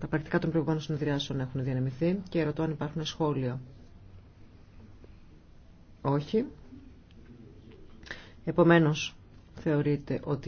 Τα πρακτικά των προηγούμενων συνεδριάσεων έχουν διανεμηθεί και ρωτώ αν υπάρχουν σχόλια. Όχι. Επομένως, θεωρείται ότι